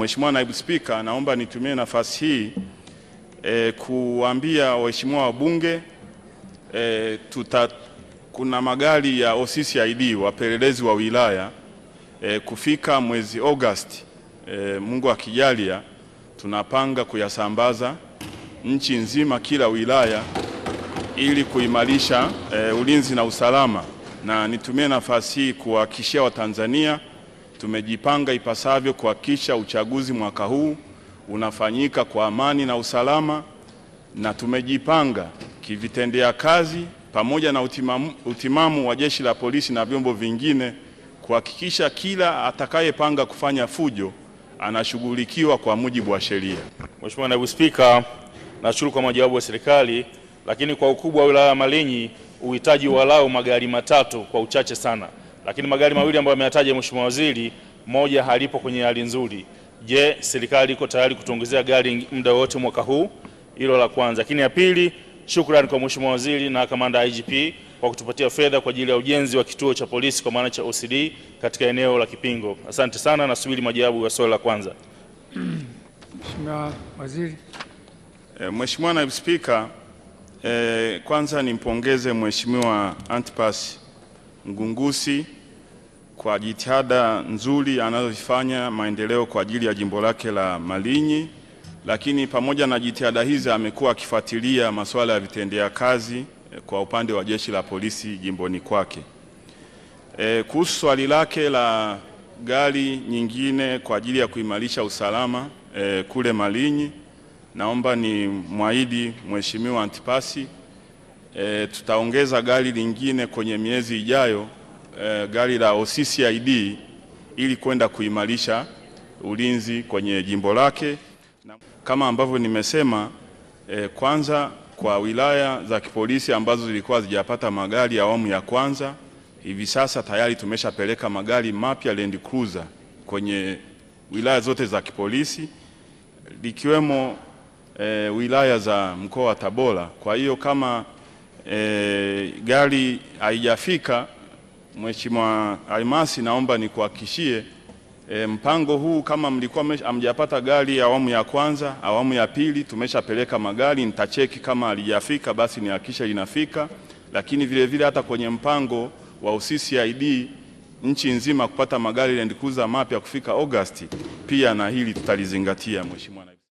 Mheshimiwa Naibu Spika, naomba nitumie nafasi hii e, kuambia waheshimiwa wabunge e, tuta, kuna magari ya OCCID wapelelezi wa wilaya e, kufika mwezi Agosti e, Mungu akijalia, tunapanga kuyasambaza nchi nzima kila wilaya ili kuimarisha e, ulinzi na usalama, na nitumie nafasi hii kuwahakikishia Watanzania tumejipanga ipasavyo kuhakikisha uchaguzi mwaka huu unafanyika kwa amani na usalama, na tumejipanga kivitendea kazi pamoja na utimamu, utimamu wa jeshi la polisi na vyombo vingine kuhakikisha kila atakayepanga kufanya fujo anashughulikiwa kwa mujibu wa sheria. Mheshimiwa Naibu Spika, nashukuru kwa majawabu ya serikali, lakini kwa ukubwa wa wilaya ya Malinyi uhitaji walau magari matatu kwa uchache sana. Lakini magari mawili ambayo ameyataja Mheshimiwa Waziri, moja halipo kwenye hali nzuri. Je, serikali iko tayari kutuongezea gari muda wote mwaka huu? Hilo la kwanza. Lakini ya pili, shukrani kwa Mheshimiwa Waziri na kamanda IGP kwa kutupatia fedha kwa ajili ya ujenzi wa kituo cha polisi kwa maana cha OCD katika eneo la Kipingo. Asante sana, nasubiri majibu ya swali la kwanza. Mheshimiwa Waziri. E, Mheshimiwa Naibu Spika, e, kwanza nimpongeze Mheshimiwa Antipas Ngungusi kwa jitihada nzuri anazozifanya maendeleo kwa ajili ya jimbo lake la Malinyi, lakini pamoja na jitihada hizi amekuwa akifuatilia masuala ya vitendea kazi eh, kwa upande wa jeshi la polisi jimboni kwake. E, kuhusu swali lake la gari nyingine kwa ajili ya kuimarisha usalama e, kule Malinyi, naomba ni mwahidi Mheshimiwa Antipasi e, tutaongeza gari lingine kwenye miezi ijayo e, gari la OCCID ili kwenda kuimarisha ulinzi kwenye jimbo lake kama ambavyo nimesema e, kwanza kwa wilaya za kipolisi ambazo zilikuwa zijapata magari ya awamu ya kwanza, hivi sasa tayari tumeshapeleka magari mapya Land Cruiser kwenye wilaya zote za kipolisi likiwemo e, wilaya za mkoa wa Tabora. Kwa hiyo kama e, gari haijafika Mheshimiwa Almasi, naomba nikuhakikishie e, mpango huu kama mlikuwa hamjapata gari awamu ya kwanza, awamu ya pili tumeshapeleka magari. Nitacheki kama alijafika basi nihakikishe linafika, lakini vile vile hata kwenye mpango wa UCCID nchi nzima kupata magari Land Cruiser mapya kufika Agosti, pia na hili tutalizingatia Mheshimiwa